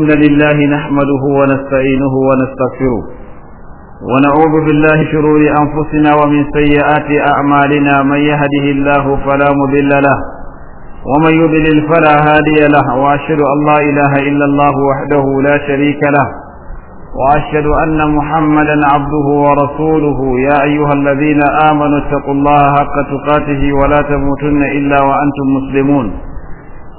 إن لله نحمده ونستعينه ونستغفره ونعوذ بالله شرور أنفسنا ومن سيئات أعمالنا من يهده الله فلا مضل له ومن يضلل فلا هادي له وأشهد أن لا إله إلا الله وحده لا شريك له وأشهد أن محمدا عبده ورسوله يا أيها الذين آمنوا اتقوا الله حق تقاته ولا تموتن إلا وأنتم مسلمون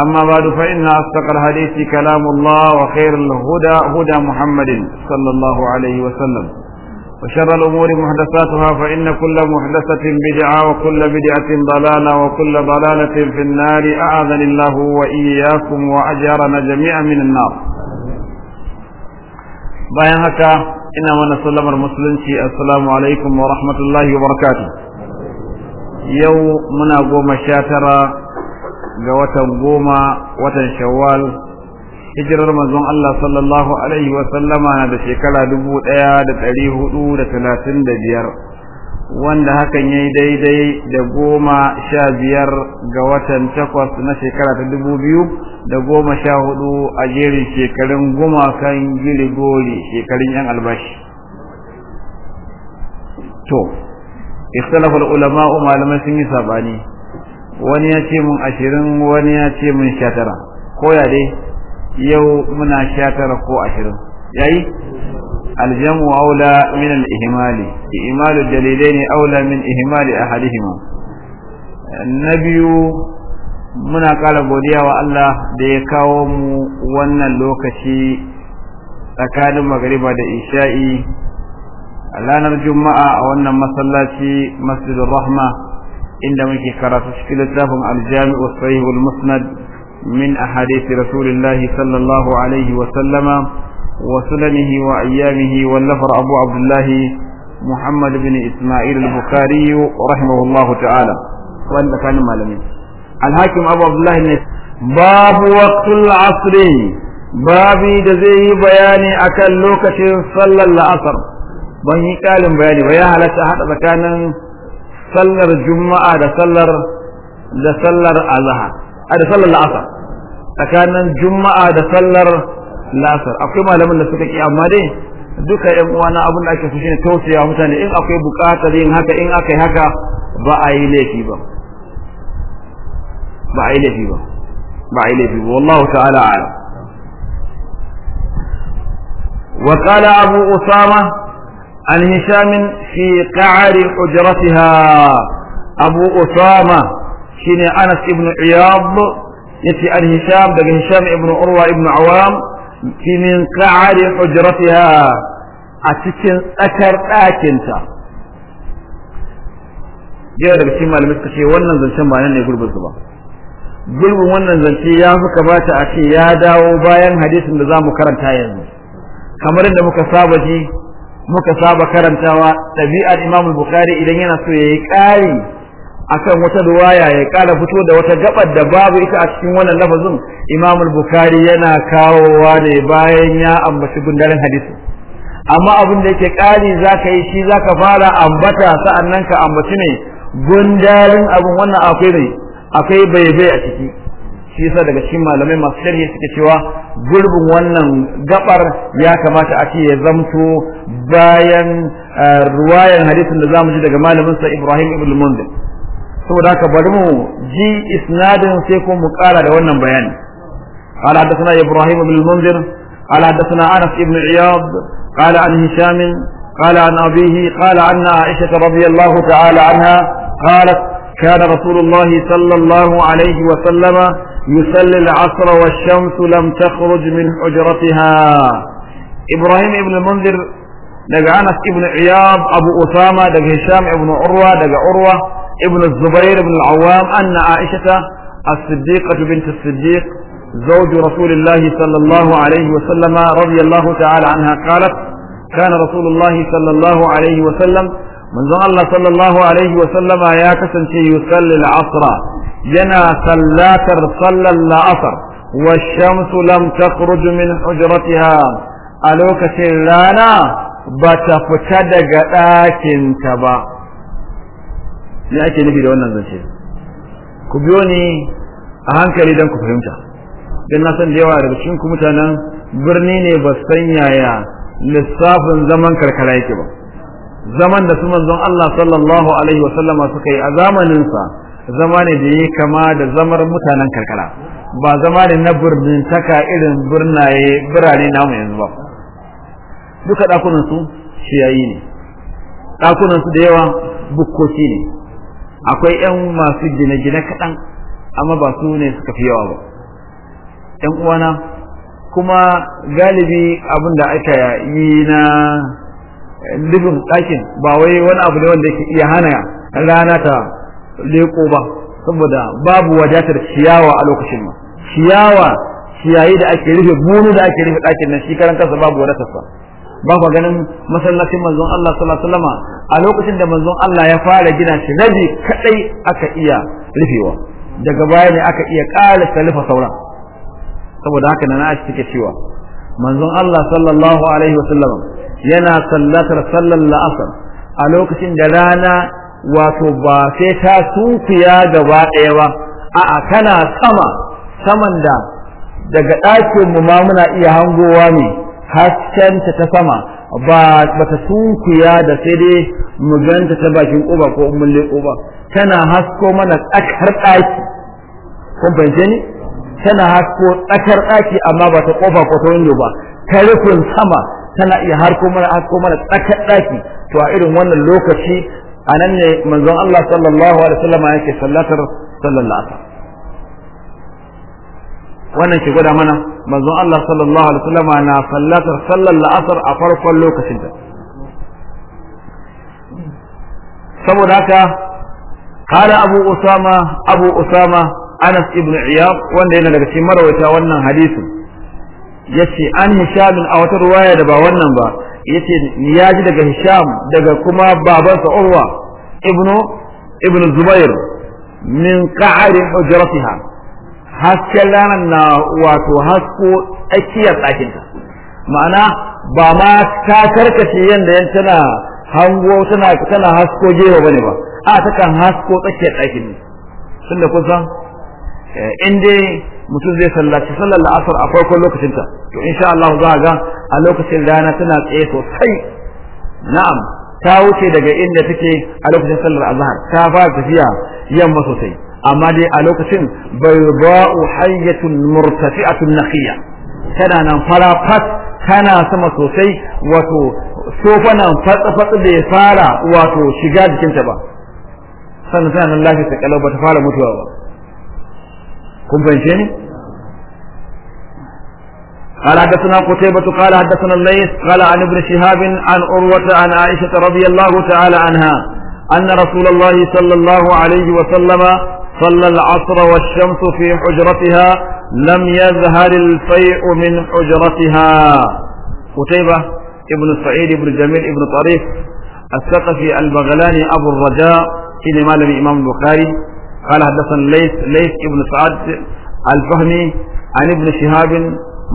أما بعد فإن أصدق الحديث كلام الله وخير الهدى هدى محمد صلى الله عليه وسلم وشر الأمور محدثاتها فإن كل محدثة بدعة وكل بدعة ضلالة وكل ضلالة في النار أعاذني الله وإياكم وأجارنا جميعا من النار بيانك إنما نسلم المسلم السلام عليكم ورحمة الله وبركاته يوم منا قوم الشاترة ga watan goma watan shawwal hijirar manzon Allah sallallahu alaihi wa sallama na da shekara dubu ɗaya da ɗari hudu da talatin da biyar wanda hakan yayi daidai da goma sha biyar ga watan takwas na shekara ta dubu biyu da goma sha hudu a jerin shekarun kan giligoli shekarun yan albashi to ikhtilafu ulama'u malamai sun yi sabani wani ya ce mun ashirin wani ya ce mun shatara ko ya dai yau muna shatara ko ashirin yayi aljamu aula min al-ihmali ihmalu dalilain aula min ihimali a ahadihima na biyu muna kara godiya wa Allah da ya kawo mu wannan lokaci tsakanin magariba da isha'i a ranar juma'a a wannan masallaci masjidul rahma inda muke karatu cikin littafin aljami'u sahih musnad min ahadith rasulillah sallallahu alaihi wa sallama wa sunanihi wa ayyamihi wallafar abu abdullah muhammad bin isma'il al-bukhari rahimahullahu ta'ala wanda kan malamin al-hakim abu abdullah ne babu waqtul asr babi da zai yi bayani akan lokacin sallar la'asar ban yi kalin bayani ba ya halatta hada tsakanin sallar juma'a da sallar da sallar azhar a da sallar la'asar tsakanin juma'a da sallar la'asar akwai malamin da suka ki amma dai duka yan uwana abin da ake so shine tausaya mutane in akwai buƙatar yin haka in aka yi haka ba a yi laifi ba ba a yi laifi ba ba a yi laifi ba wallahu ta'ala a'lam wa qala abu usama عن هشام في قعر حجرتها أبو أسامة شين أنس ابن عياض يتي عن هشام دق هشام ابن عروة ابن عوام في من قعر حجرتها أتكن أكر daga cikin malamai suka ce wannan zancen ba ne ba gurbin wannan zance ya fi kamata a ce ya dawo bayan hadisin da za mu karanta yanzu kamar yadda muka saba ji muka saba karantawa ɗabi'ar Imam Bukhari idan yana so ya yayi ƙari akan wata riwaya ya ƙara fito da wata gabar da babu ita a cikin wannan lafazin Imam Bukhari yana kawowa ne bayan ya ambaci gundarin hadisi amma abin da yake ƙari zaka yi shi ka fara ambata sa'annan ka ambaci ne gundarin abin wannan akwai ne akwai bai a ciki shi yasa daga cikin malamai masu sharhi suke cewa gurbin wannan gabar ya kamata a ce ya zamto bayan eh, ruwayan hadisin da zamu ji daga malamin sa Ibrahim ibn Munzir saboda haka bari mu ji isnadin sai ko mu kara da wannan bayani قال حدثنا ابراهيم بن المنذر قال حدثنا انس بن عياض قال عن هشام قال عن ابيه قال عن عائشه رضي الله تعالى عنها قالت كان رسول الله صلى الله عليه وسلم يصلي العصر والشمس لم تخرج من حجرتها إبراهيم ابن المنذر دق عنس ابن عياض أبو أسامة دق هشام ابن عروة دق عروة ابن الزبير بن العوام أن عائشة الصديقة بنت الصديق زوج رسول الله صلى الله عليه وسلم رضي الله تعالى عنها قالت كان رسول الله صلى الله عليه وسلم من ظن الله صلى الله عليه وسلم يا كسن يصلي العصر yana sallatar sallar la'asar wa shamsu lam takhruj min hujratiha a lokacin rana ba ta fita daga ɗakinta ba me ake nufi da wannan zance ku biyo ni a hankali don ku fahimta don na san da yawa daga cikin ku mutanen birni ne ba san yaya lissafin zaman karkara yake ba zaman da su manzon Allah sallallahu alaihi wasallama suka yi a zamaninsa zama ne da yi kama da zamar mutanen karkara ba zama ne na birnin taka irin birnaye birane namu yanzu ba duka ɗakunan su ciyayi ne ɗakunan su da yawa bukkoki ne akwai 'yan masu gine-gine kaɗan amma ba su ne suka fi yawa ba 'yan uwana kuma galibi abin da aka yi na libin ɗakin ba wai wani abu ne wanda yake iya hana rana ta leko ba saboda babu wadatar ciyawa a lokacin nan ciyawa ciyayi da ake rufe bunu da ake rufe ɗakin nan shi karan kansa babu wadatar sa ba ganin masallacin manzon Allah sallallahu alaihi a lokacin da manzon Allah ya fara gina shi rabi kadai aka iya rufewa daga baya ne aka iya ƙara salifa sauran saboda haka na aisha take cewa manzon Allah sallallahu alaihi wasallam yana sallatar sallar la'asar a lokacin da rana wato ba sai ta sunkuya gaba ɗaya ba a'a kana sama saman da daga ɗakin mu ma muna iya hangowa ne hasken ta ta sama ba ta sunkuya da sai dai mu ganta ta bakin ƙofa ko mun leƙo ba tana hasko mana tsakar ɗaki kun fahimce ni tana hasko tsakar ɗaki amma ba ta ƙofa ko ta ba ta rufin sama tana iya harko mana hasko mana tsakar ɗaki to a irin wannan lokaci A anan ne manzon Allah sallallahu alaihi wasallam yake sallatar sallallahu alaihi wannan ke gwada mana manzon Allah sallallahu alaihi wasallam na sallatar sallar la'asar a farkon lokacin ta saboda haka kala abu usama abu usama anas ibn iyab wanda yana daga cikin marawaita wannan hadisi yace an hisham a wata ruwaya da ba wannan ba yace ya ji daga Hisham daga kuma babansa Urwa ibnu ibnu Zubair min qa'ri hujratiha hasken na wato hasko tsakiyar tsakinta. ma'ana ba ma ta karkace yanda yan tana hango tana tana hasko jewa bane ba a ta kan hasko tsakiyar tsakin sun da kusan eh, in mutum zai sallaci sallar la'asar a farkon lokacinta to insha Allah za ga a lokacin rana tana tsaye sosai na'am ta wuce daga inda take a lokacin sallar azhar ta fara tafiya yamma sosai amma dai a lokacin bayda'u hayyatun murtafi'atun naqiya tana nan fara fat tana sama sosai wato nan fatsa-fatsa da ya fara wato shiga jikinta ba sannan tana nan ya ta kalau ba ta fara mutuwa ba kun fahimce قال حدثنا قتيبة قال حدثنا الليث قال عن ابن شهاب عن عروة عن عائشة رضي الله تعالى عنها أن رسول الله صلى الله عليه وسلم صلى العصر والشمس في حجرتها لم يظهر الفيء من حجرتها قتيبة ابن سعيد ابن جميل ابن طريف الثقفي البغلاني أبو الرجاء في مال الإمام البخاري قال حدثنا ليث ليث ابن سعد الفهمي عن ابن شهاب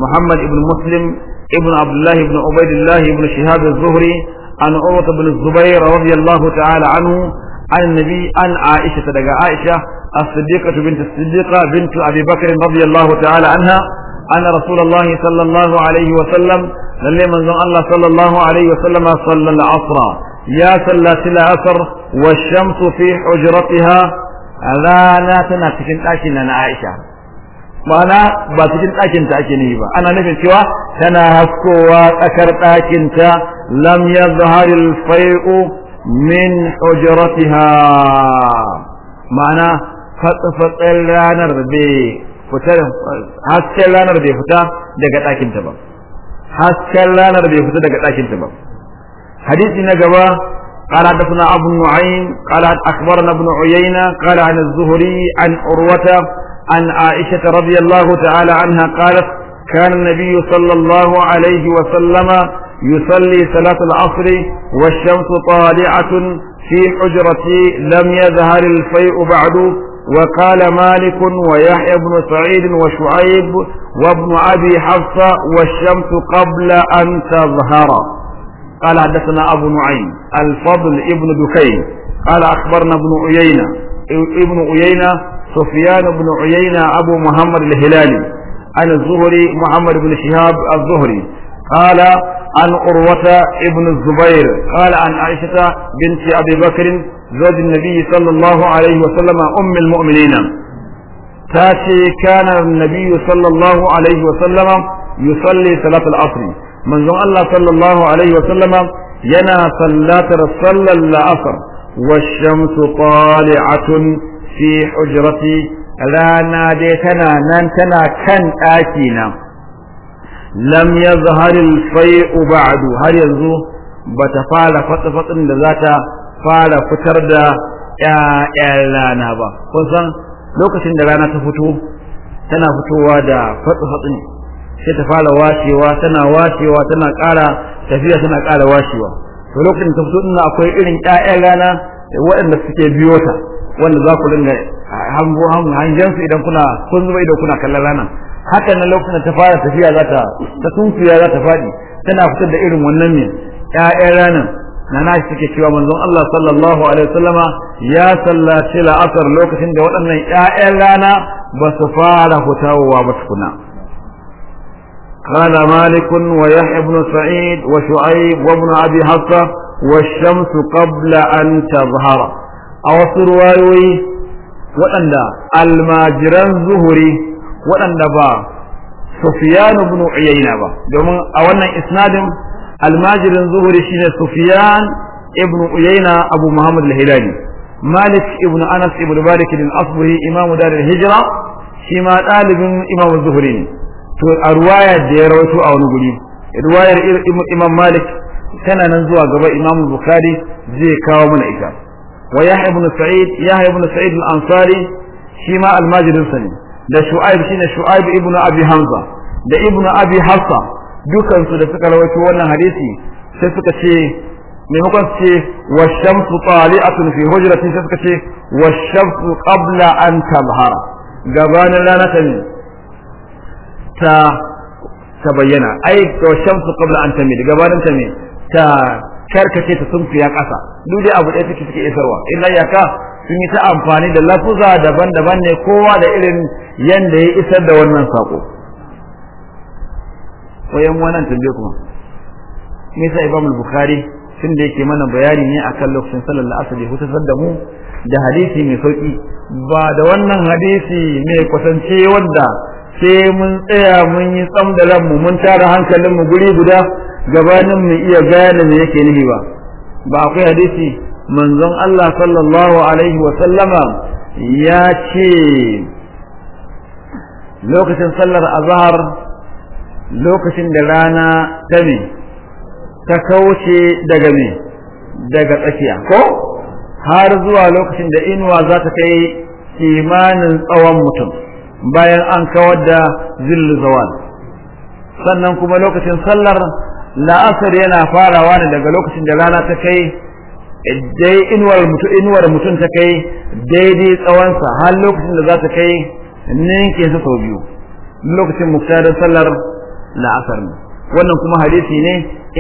محمد بن مسلم ابن عبد الله بن عبيد الله بن شهاب الزهري عن عروة بن الزبير رضي الله تعالى عنه عن النبي عن عائشة دقى عائشة الصديقة بنت الصديقة بنت أبي بكر رضي الله تعالى عنها أن رسول الله صلى الله عليه وسلم للي من الله صلى الله عليه وسلم صلى العصر يا صلى العصر والشمس في حجرتها rana tana cikin ɗakin na Aisha ma'ana ba cikin ɗakin ta ake nihi ba ana nufin cewa tana haskowa tsakar ɗakin ta lam yadhhar al-fay'u min ha ma'ana fatsafatsen ranar be fita hasken ranar bai fita daga ɗakin ta ba hasken ranar bai fita daga ɗakin ta ba hadisi na gaba قال حدثنا أبو النعيم قال أخبرنا ابن عيينة قال عن الزهري عن عروة عن عائشة رضي الله تعالى عنها قالت كان النبي صلى الله عليه وسلم يصلي صلاة العصر والشمس طالعة في حجرتي لم يظهر الفيء بعد وقال مالك ويحيى بن سعيد وشعيب وابن أبي حفصة والشمس قبل أن تظهر قال حدثنا أبو نعيم الفضل ابن دكين قال أخبرنا ابن عيينة ابن عيينة سفيان بن عيينة أبو محمد الهلالي عن الزهري محمد بن شهاب الزهري قال عن عروة ابن الزبير قال عن عائشة بنت أبي بكر زوج النبي صلى الله عليه وسلم أم المؤمنين تاتي كان النبي صلى الله عليه وسلم يصلي صلاة العصر manzon Allah sallallahu alaihi wa sallama yana sallatar sallar la'asar wa shamsu tali'atun fi hujrati rana dai tana nan tana kan ɗaki na lam yazhar al-fay'u har yanzu bata fara fatsa-fatsin da zata fara fitar da ƴaƴan rana ba kun san lokacin da rana ta tana fitowa da fatsa-fatsi sai ta fara washewa tana washewa tana ƙara tafiya tana ƙara washewa to lokacin ta fito ina akwai irin ƴaƴan rana waɗanda suke biyo ta wanda za ku dinga hango hangen su idan kuna kun zuba ido kuna kallon rana haka nan lokacin ta fara tafiya za ta ta tunkuya za ta faɗi tana fitar da irin wannan ne ƴaƴan ranan na nashi suke cewa manzon Allah sallallahu alaihi wasallama ya sallaci la'asar lokacin da waɗannan ƴaƴan rana ba su fara hutawa ba tukuna قال مالك ويحيى بن سعيد وشعيب وابن أبي حفصة والشمس قبل أن تظهر أو روايوي وأن الماجران زهري وأن با سفيان بن عيينة با دومن أولا إسناد الماجران زهري شين سفيان ابن عيينة أبو محمد الهلالي مالك ابن أنس ابن مالك الأصبري إمام دار الهجرة شما طالب إمام الزهري to a ruwaya da ya rawaito a wani guri ruwayar imam malik tana nan zuwa gaba imam bukhari zai kawo mana ita wa yahya ibn sa'id yahya ibn sa'id al-ansari shi ma al-majrin sani da shu'aib shine shu'aib ibn abi hamza da ibn abi hafsa dukan su da suka rawaito wannan hadisi sai suka ce maimakon su ce wa shamsu tali'atun fi hujratin sai suka ce wa shamsu qabla an tabhara gabanin rana ta ne ta ta bayyana ai to shamsu qabla an tamid gabanin ta ne ta karkace ta sunfiya kasa duk dai abu ɗaya take take isarwa illa yaka sun yi ta amfani da lafuza daban-daban ne kowa da irin yanda ya isar da wannan sako wayan wannan tambaye kuma me yasa Imam Bukhari tun da yake mana bayani ne akan lokacin sallar alaihi wasallam hutar da mu da hadisi mai sauki ba da wannan hadisi mai kwatance wanda sai mun tsaya mun yi tsam da ranmu mun tara hankalinmu guri guda gabanin mu iya gane me yake nihi ba ba akwai hadisi manzon Allah sallallahu alaihi wa sallama ya ce lokacin sallar azhar lokacin da rana ta ne ta kauce daga me daga tsakiya ko har zuwa lokacin da inuwa za ta kai kimanin tsawon mutum bayan an kawar da zillu zawal sannan kuma lokacin sallar la'asar yana farawa ne daga lokacin da rana ta kai dai inuwar mutum inuwar mutum ta kai daidai tsawonsa har lokacin da za ta kai ninke sa sau biyu lokacin muktada sallar la'asar ne wannan kuma hadisi ne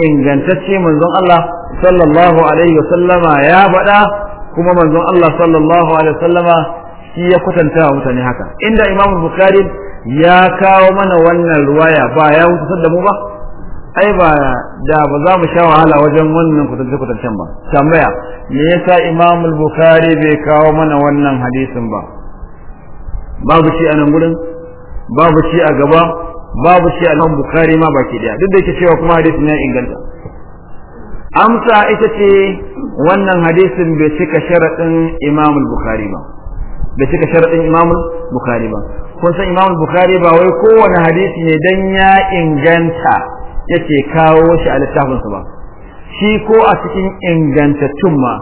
ingantacce manzon Allah sallallahu alaihi wasallama ya faɗa kuma manzon Allah sallallahu alaihi wasallama shi ya kwatanta wa mutane haka inda imamu bukari ya kawo mana wannan ruwaya ba ya hutar da mu ba ai ba da ba za mu sha wahala wajen wannan kwatance kwatancen ba tambaya me yasa imamu bukari bai kawo mana wannan hadisin ba babu shi a nan gurin babu shi a gaba babu shi a nan bukari ma baki daya duk da yake cewa kuma hadisin ya inganta amsa ita ce wannan hadisin bai cika sharaɗin imamul bukhari ba da cika sharadin Imam Bukhari ba kun san Imam Bukhari ba wai kowane hadisi ne dan ya inganta yake kawo shi a littafin sa ba shi ko a cikin ingantattun ma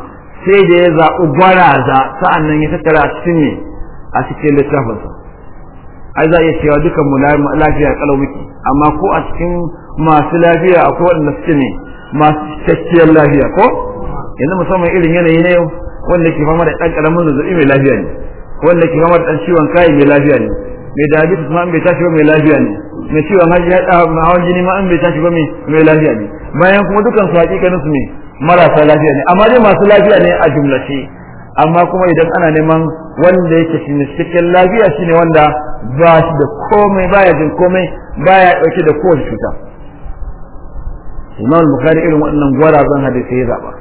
sai da ya zaɓi gwaraza sa'annan ya tattara a cikin ne a cikin littafin sa ai za a iya cewa dukan mu lafiya kalau muke amma ko a cikin masu lafiya akwai waɗanda suke ne masu cikakkiyar lafiya ko yanzu musamman irin yanayi na yau wanda ke fama da ɗan ƙaramin zazzaɓi mai lafiya ne wanda ke kamar dan ciwon kai mai lafiya ne mai diabetes ma an bai tashi ba mai lafiya ne mai ciwon haji ya ah, hawan jini ma an bai tashi ba mai lafiya ne bayan kuma dukan su hakikanin su ne marasa lafiya ne amma dai masu lafiya ne a jumlace amma kuma idan ana neman wanda yake shi cikin lafiya shine wanda ba shi da komai baya jin komai baya dauke da kowace cuta Imam Bukhari irin waɗannan gwarazan hadisi ya zaba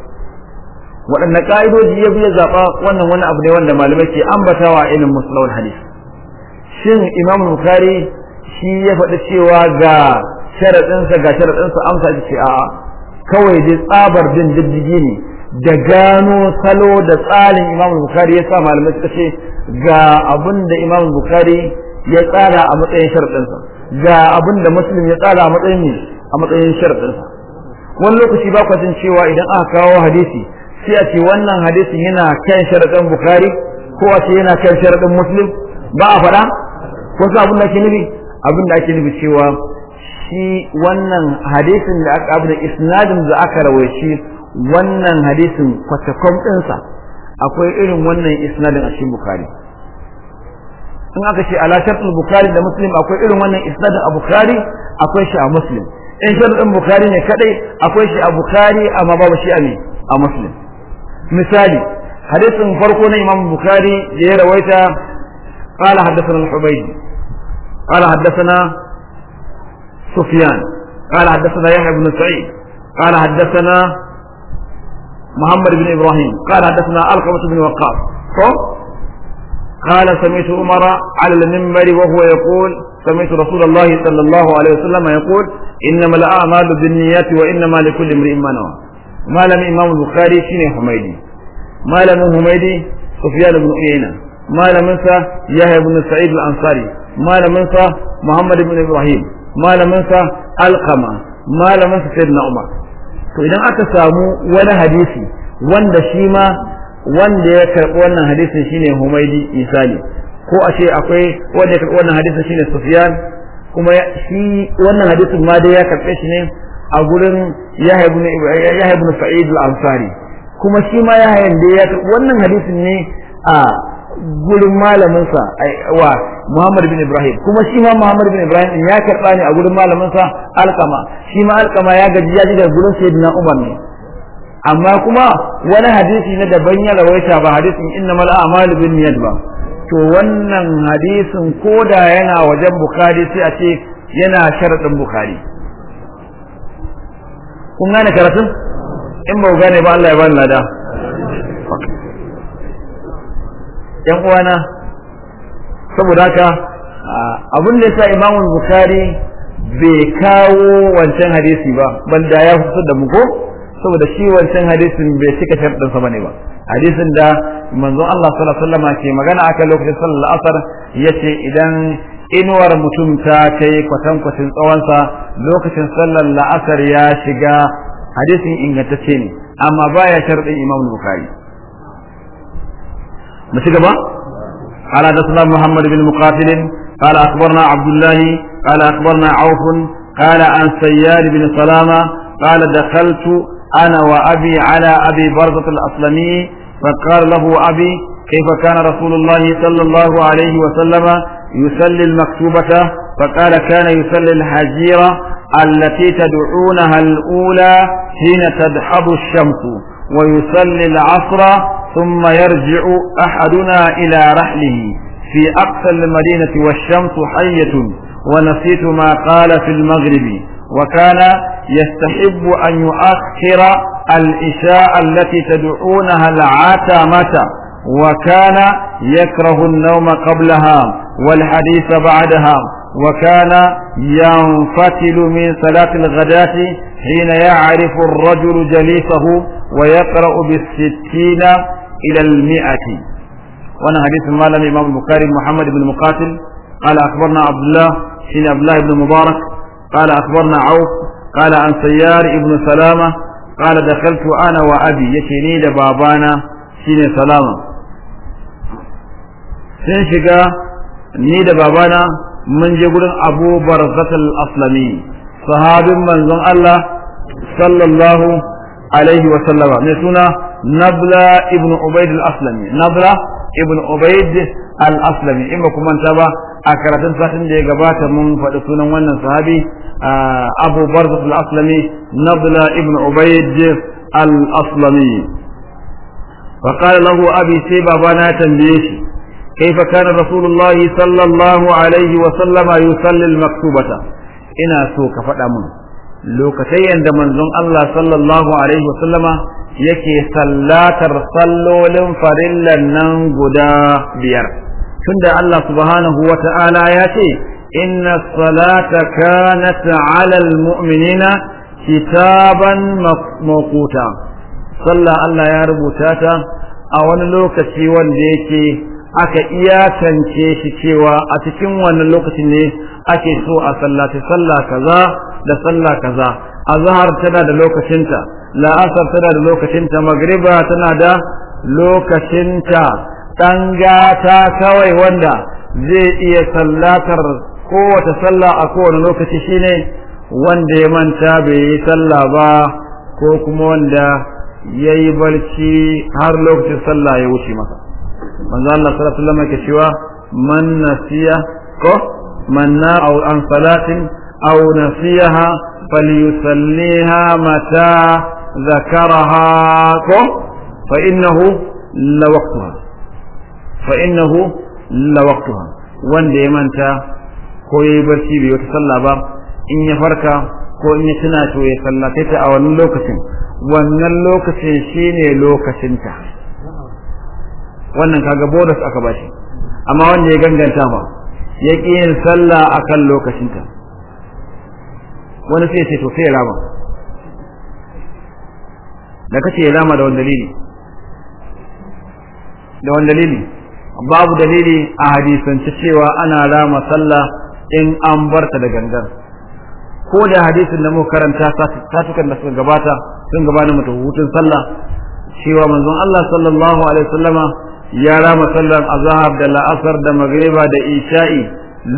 waɗanne ƙa'idoji ya biya zaɓa wannan wani abu ne wanda malamai ke ambatawa ilin musulawar hadis shin imam bukari shi ya faɗi cewa ga sharaɗinsa ga sharaɗinsa amsa shi ce a'a kawai dai tsabar bin diddigi ne da gano salo da tsarin imam bukari ya sa malamai suka ce ga abin da imam bukari ya tsara a matsayin sharaɗinsa ga abin da ya tsara a matsayin a matsayin sharaɗinsa wani lokaci ba kwa cewa idan aka kawo hadisi sai a ce wannan hadisin yana kan sharaɗin bukari ko a ce yana kan sharaɗin muslim ba a faɗa ko su abin da ake nufi abin da ake nufi cewa shi wannan hadisin da aka abu da isnadin da aka rawaici wannan hadisin kwatakon ɗinsa akwai irin wannan isnadin a cikin bukari in aka ce ala shartul bukari da muslim akwai irin wannan isnadin a bukari akwai shi a muslim in shartul bukari ne kadai akwai shi a bukari amma babu shi a ne a muslim مثالي حديث فرقنا إمام البخاري جير ويتا قال حدثنا الحبيب قال حدثنا سفيان قال حدثنا يحيى بن سعيد قال حدثنا محمد بن إبراهيم قال حدثنا ألقمة بن وقاص قال سمعت عمر على المنبر وهو يقول سمعت رسول الله صلى الله عليه وسلم يقول إنما الأعمال بالنيات وإنما لكل امرئ ما نوى malamin imam bukhari shine humaidi malamin humaidi sufyan ibn uyayna malamin sa yahya ibn sa'id al-ansari malamin sa muhammad ibn ibrahim malamin sa alqama malamin sa sayyidina umar to idan aka samu wani hadisi wanda shi ma wanda ya karbi wannan hadisin shine humaidi misali ko a ce akwai wanda ya karɓi wannan hadisin shine sufyan kuma shi wannan hadisin ma dai ya karɓe shi ne a gurin Yahya ibn Yahya Sa'id al-Ansari kuma shi ma Yahya da ya wannan hadisin ne a gurin malamin sa wa Muhammad bin Ibrahim kuma shi ma Muhammad bin Ibrahim ya karba ne a gurin malamin sa shi ma Alkama ya gaji ya ji da gurin Sayyidina Umar ne amma kuma wani hadisi na daban ya rawaita ba hadisin innamal a'malu bin niyyat ba to wannan hadisin koda yana wajen Bukhari sai a ce yana sharadin Bukhari kun gane karatun in ba ku gane ba Allah ya bani lada yan uwana saboda haka abin da yasa Imam Bukhari bai kawo wancan hadisi ba banda ya fito da mu ko saboda shi wancan hadisin bai cika sharɗin sa bane ba hadisin da manzon Allah sallallahu alaihi wasallam ke magana akan lokacin sallar asar yace idan inuwar mutum ta kai kwatankwacin tsawonsa lokacin sallar la'asar ya shiga hadisin ingantacce ne amma baya sharɗin imam bukari mu ci gaba قال حدثنا محمد بن مقاتل قال اخبرنا عبد الله قال اخبرنا عوف قال عن سيار بن سلامه قال دخلت انا وابي على ابي برزه الاسلمي فقال له ابي كيف كان رسول الله صلى الله عليه وسلم يصلي المكتوبة فقال كان يصلي الحجيرة التي تدعونها الأولى حين تدحض الشمس ويصلي العصر ثم يرجع أحدنا إلى رحله في أقصى المدينة والشمس حية ونسيت ما قال في المغرب وكان يستحب أن يؤخر الإشاء التي تدعونها العتمة وكان يكره النوم قبلها والحديث بعدها وكان ينفتل من صلاة الغداة حين يعرف الرجل جليسه ويقرأ بالستين إلى المئة وانا حديث ما لم الإمام البخاري محمد بن مقاتل قال أخبرنا عبد الله حين عبد الله بن مبارك قال أخبرنا عوف قال عن سيار ابن سلامة قال دخلت أنا وأبي يكيني لبابانا حين سلامة سنشقا ni da babana mun je gurin abu barzakal aslami sahabin manzon Allah sallallahu alaihi wa sallama mai suna nabla ibn ubaid al-aslami nabla ibn ubaid al-aslami in ba kuma ta ba a karatun satin da ya gabata mun faɗi sunan wannan sahabi abu barzakal aslami nabla ibn ubaid al-aslami فقال له أبي سيبا بنا تنبيه كيف كان رسول الله صلى الله عليه وسلم يصلي المكتوبة إنا سوك فأمن لوكتي عند منزون الله صلى الله عليه وسلم يكي صلاتر صلول فرلا ننقدا بير تند الله سبحانه وتعالى ياتي إن الصلاة كانت على المؤمنين kitaban makuta sallah Allah ya rubuta ta a wani lokaci wanda yake aka iyakance shi cewa a cikin wannan lokaci ne ake so a sallaci sallah kaza da sallah kaza azhar tana da lokacinta la'asar tana da lokacinta magriba tana da lokacinta dan ta kawai wanda zai iya sallatar kowace sallah a kowane lokaci shine wanda ya manta bai yi sallah ba ko kuma wanda ya yi barci har lokacin sallah ya wuce masa manzo Allah sallallahu alaihi wasallam yake cewa man nasiya ko man na'a an salatin aw nasiyaha falyusalliha mata la ذكرها فإنه لوقتها la لوقتها wanda ya manta ko yayi barci bai wata sallah ba in ya farka ko in ya tuna to ya sallace ta a wannan lokacin wannan lokacin shine lokacin lokacinta wannan kaga bonus aka bashi amma wanda ya ganganta ba ya ƙi yin sallah akan lokacinta wani sai ce to sai rama da kace ya rama da wani dalili da wani dalili babu dalili a hadisance cewa ana rama sallah in an barta da gangan ko da hadisin da muka karanta satukan da suka gabata sun gabanin mutu hutun sallah cewa manzon Allah sallallahu alaihi wasallama ya rama sallar azhar da la'asar da magriba da isha'i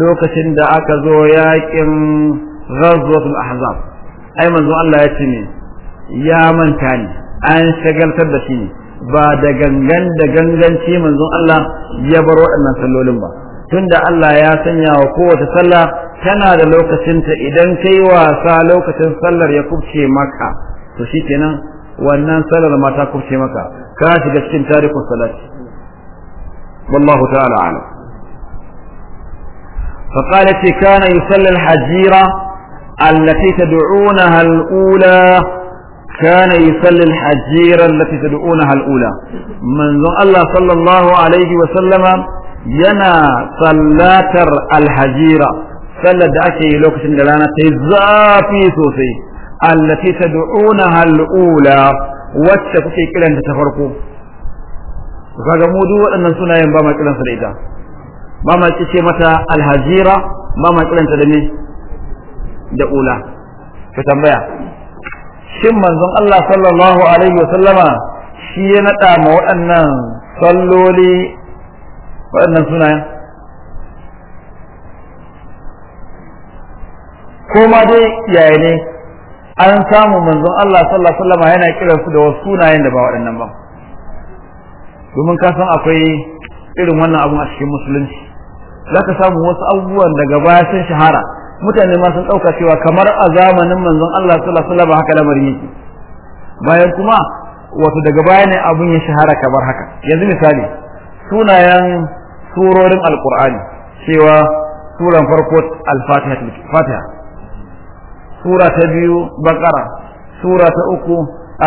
lokacin da aka zo yaƙin ghazwatul ahzab ai manzo Allah ya ce ne ya manta ne an shagaltar da shi ne ba da gangan da ganganci manzon Allah ya bar waɗannan sallolin ba tunda Allah ya sanya wa kowace sallah tana da lokacinta idan kai wasa lokacin sallar ya kubce maka to shikenan wannan sallar ma ta kubce maka ka shiga cikin tarihin salati والله تعالى أعلم فقالت كان يصلي الحجيرة التي تدعونها الأولى كان يصلي الحجيرة التي تدعونها الأولى من الله صلى الله عليه وسلم ينا صلاتر الحجيرة sallar da ake yi lokacin da rana ta yi zafi sosai allati tad'unaha to kaga mu duk waɗannan sunayen ba ma kiransa da ita ba ma ce mata alhajira ba ma kiranta da ne da ula ka tambaya shin manzon Allah sallallahu alaihi wasallama shi ya nada ma waɗannan salloli waɗannan sunayen ko ma dai yaya ne an samu manzon Allah sallallahu alaihi wasallama yana kiransu da wasu sunayen da ba waɗannan ba domin ka san akwai irin wannan abun a cikin musulunci za ka samu wasu abubuwan daga baya sun shahara mutane ma sun ɗauka cewa kamar a zamanin manzon Allah sallallahu alaihi haka lamarin yake bayan kuma wato daga baya ne abun ya shahara kamar haka yanzu misali sunayen surorin alkur'ani cewa suran farko al-fatiha sura ta biyu baƙara sura ta uku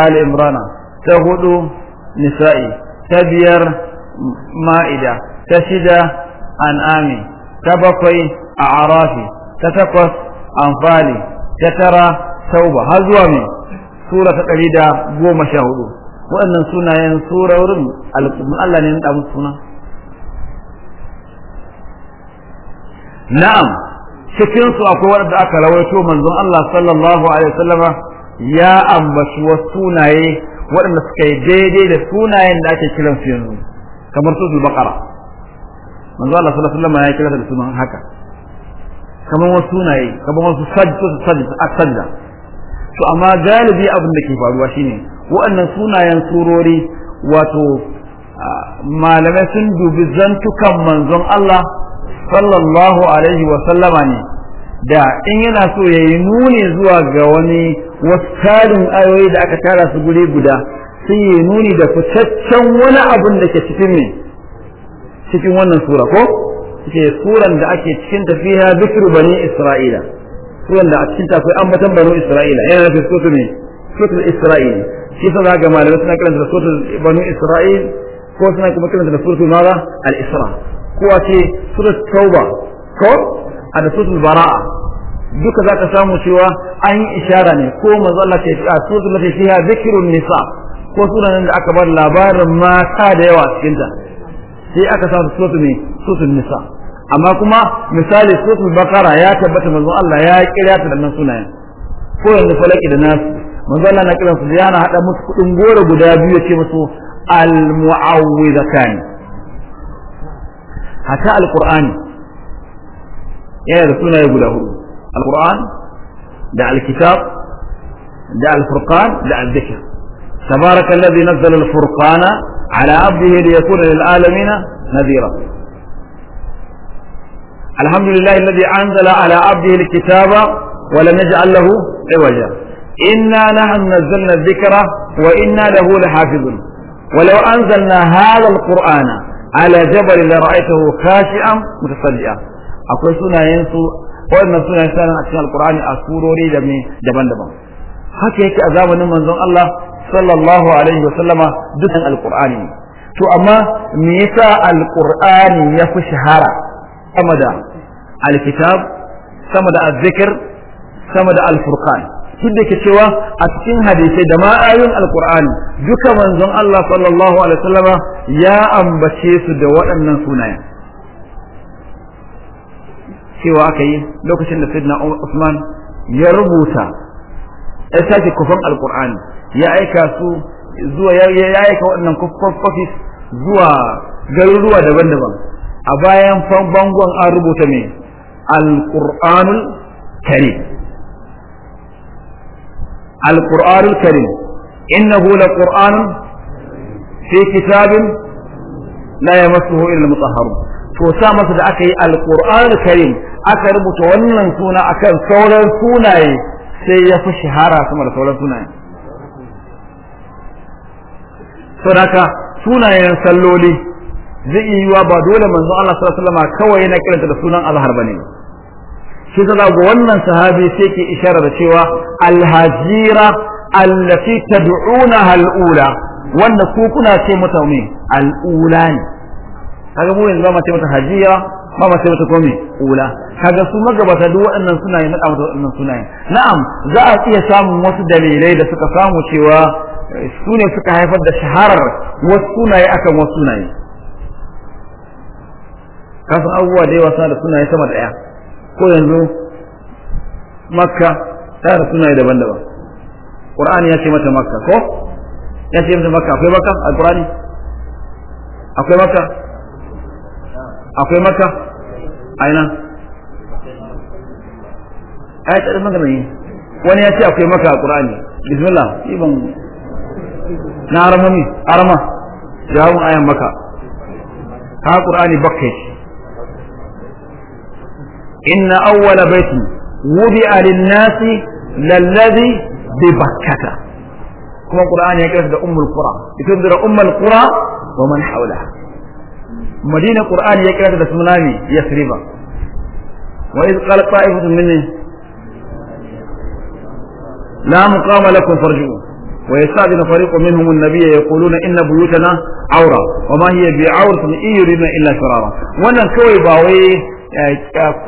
ali imrana ta hudu nisa'i ta biyar ma'ida ta shida an'ami ta bakwai a arafi ta takwas amfani, ta tara sauba har zuwa mai sura ta ɗari da goma sha hudu waɗannan sunayen alƙumin Allah ne na suna na'am cikinsu akwai waɗanda aka rawaito manzon Allah sallallahu alaihi wasallama ya ambaci wasu sunaye waɗanda suka yi daidai da sunayen da ake kiran su yanzu kamar su baqara manzo Allah sallallahu alaihi wasallam ya kira da sunan haka kamar wasu sunaye kamar wasu sajda sajda sajda to amma galibi abin da ke faruwa shine waɗannan sunayen surori wato malamai sun dubi zantukan manzon Allah sallallahu alaihi wa sallama ne da in yana so ya yi nuni zuwa ga wani Wasu wasalin ayoyi da aka tara su guri guda sun yi nuni da fitaccen wani abun da ke cikin ne cikin wannan sura ko ce suran da ake cikin tafiya bikru bani isra'ila suran da a cikin ta akwai ambatan banu isra'ila yana nufin sotu ne sotu isra'il shi sa za ga malamai suna kiranta da sotu banu Isra'ila ko suna kuma kiranta da sotu mara al-isra ko a ce surat tauba ko a da sotu bara'a duka zaka samu cewa an yi ishara ne ko manzo Allah ce a suratul lati fiha nisa ko sunan da aka bar labarin mata da yawa cikin ta sai aka samu suratul ne suratul nisa amma kuma misali suratul bakara ya tabbata manzo Allah ya kira ta da nan sunayen ko yanzu falaki da nasu manzo Allah na kira su na hada musu kudin goro guda biyu ya ce musu al mu'awwidatan haka alqur'ani yana da sunaye guda hudu القرآن دع الكتاب دع الفرقان دع الذكر تبارك الذي نزل الفرقان على عبده ليكون للعالمين نذيرا الحمد لله الذي أنزل على عبده الكتاب ولم يجعل له عوجا إنا نحن نزلنا الذكر وإنا له لحافظون ولو أنزلنا هذا القرآن على جبل لرأيته خاشعا متصدئا أقول سنة ينسو wannan suna yasa a cikin alqur'ani a surori da me daban-daban haka yake a zamanin manzon Allah sallallahu alaihi wa sallama dukan alkur'ani to amma me yasa alqur'ani ya fi shahara sama da alkitab sama da azzikr sama da alfurqan duk da cewa a cikin hadisai da ma ayoyin alqur'ani duka manzon Allah sallallahu alaihi wa sallama ya ambace su da waɗannan sunayen cewa aka yi lokacin da sayyidina Usman ya rubuta ya sake kufan alqur'ani ya aika su zuwa ya aika waɗannan kofis zuwa garuruwa daban-daban a bayan bangon an rubuta ne alqur'anul karim alqur'anul karim innahu laqur'anun fi kitabin la yamassuhu illa al-mutahharun to sa masa da aka yi alqur'anul karim aka rubuta wannan suna akan sauran sunaye sai ya fi shahara sama da sauran sunaye sadaka sunayen salloli zai iya yiwa ba dole manzo Allah sallallahu alaihi wasallam kawai yana kiranta da sunan azhar bane shi zaba ga wannan sahabi sai ke isharar da cewa alhajira allati tad'unaha alula wanda ku kuna ce mata al'ula ne kaga mu yanzu ba mu ce mata hajira ba sai ta kome ula kaga su magabata duk waɗannan sunaye na ɗaukar waɗannan sunaye na'am za a iya samun wasu dalilai da suka samu cewa eh, su ne suka haifar da shaharar wasu sunaye akan wasu sunaye kasan abubuwa da yawa suna da sunaye sama da ɗaya ko yanzu makka tana da sunaye daban-daban ƙur'ani ya ce mata makka ko ya ce mata makka akwai makka alqur'ani akwai makka akwai makka aina ai ta maka ne wani ya ce akwai maka a qur'ani bismillah ibn na arama ne arama jawabin ayan maka ha qur'ani bakkai inna awwala baiti wudi'a lin-nasi lalladhi bi bakkata kuma qur'ani ya kira da ummul qura da ummul qura wa man hawlaha madina qur'ani ya kira ta da suna ne yasriba wa iz qala ta'ifatun minni la muqama farji'u wa yasta'dinu fariqun minhum an-nabiyya yaquluna inna buyutana awra wa ma hiya bi'awratin in yuridna wannan kawai ba wai eh,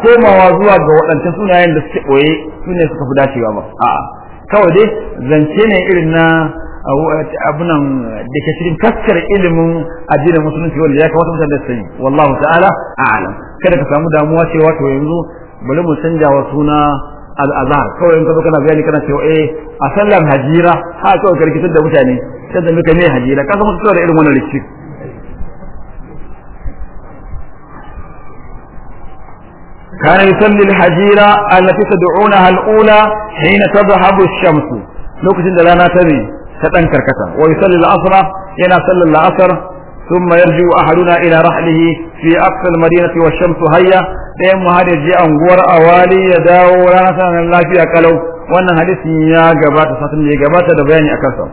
komawa zuwa ga waɗancan sunayen da suke ɓoye su ne suka fi dacewa ba a'a kawai dai zance ne irin na أبنا دكتور كسر علم أدين المسلمين يقول لك وتم تدسين والله تعالى أعلم كذا كلام دام واسي واتو يمزو بل مسنجا وسونا الأذار كو يمزو كنا في ذلك نسيو إيه أسلم هجيرة ها كو كريك تد مشاني تد مكني هجيرة كذا مسكور علم ولا لشيء كان يصلي الحجيرة التي تدعونها الأولى حين تذهب الشمس لو كنت لنا تبي ta dan karkata wa yusalli al-asr yana sallar al-asr thumma a ahaduna ila rahlihi fi aqsa al-madinati wa shamsu hayya dayan mu hada unguwar anguwar awali ya dawo ranar sanan lafiya kalau wannan hadisin ya gabata satin ya gabata da bayani akan sa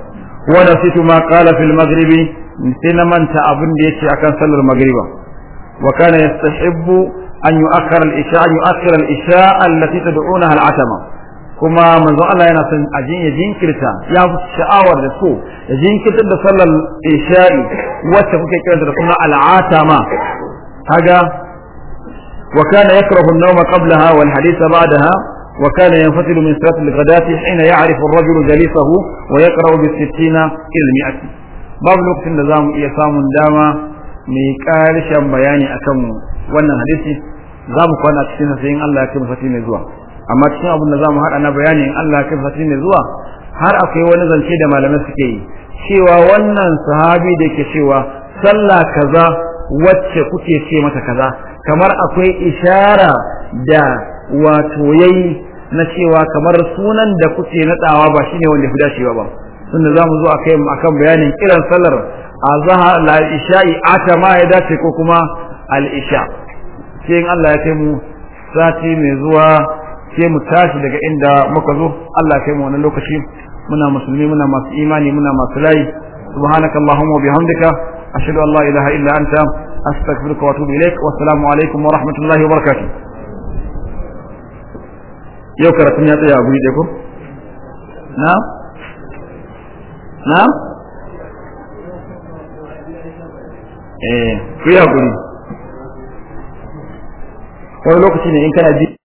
wa nasitu ma qala fil maghribi sai na manta abin da yake akan sallar maghriba wa kana yastahibbu an yu'akhkhara al-isha yu'akhkhara al-isha allati tad'unaha al-atama kuma manzo Allah yana son a ya jinkirta ya fi sha'awar da so ya jinkirtar da sallar isha'i wacce kuke kiranta da kuma al'ata ma kaga wa kana yakrahu an-nawma qablaha wal haditha ba'daha wa kana yanfasilu min salati al-ghadati hina ya'rifu ar-rajulu jalisahu wa yaqra'u bi 60 ila 100 babu lokacin da zamu iya samun dama mai karshen bayani akan wannan hadisi zamu kwana cikin sa in Allah ya kai mu mai zuwa amma cikin abin da za mu haɗa na bayani in Allah kai fasiri ne zuwa har akwai wani zance da malamai suke yi cewa wannan sahabi da ke cewa sallah kaza wacce kuke ce mata kaza kamar akwai ishara da wato yayi na cewa kamar sunan da kuke nadawa ba shine wanda ya fi dacewa ba tunda zamu zo akai akan bayanin kiran sallar azha la isha'i atama ya dace ko kuma al isha sai Allah ya kai mu sati mai zuwa sai mu tashi daga inda muka zo Allah kai mu wannan lokaci muna musulmi muna masu imani muna masu layi subhanakallahumma wa bihamdika ashhadu an la ilaha illa anta astaghfiruka wa atubu ilaik wa assalamu alaikum wa rahmatullahi wa barakatuh yau karatun ya tsaya a guri ɗaya ko na na eh ku ya guri wani lokaci ne in kana ji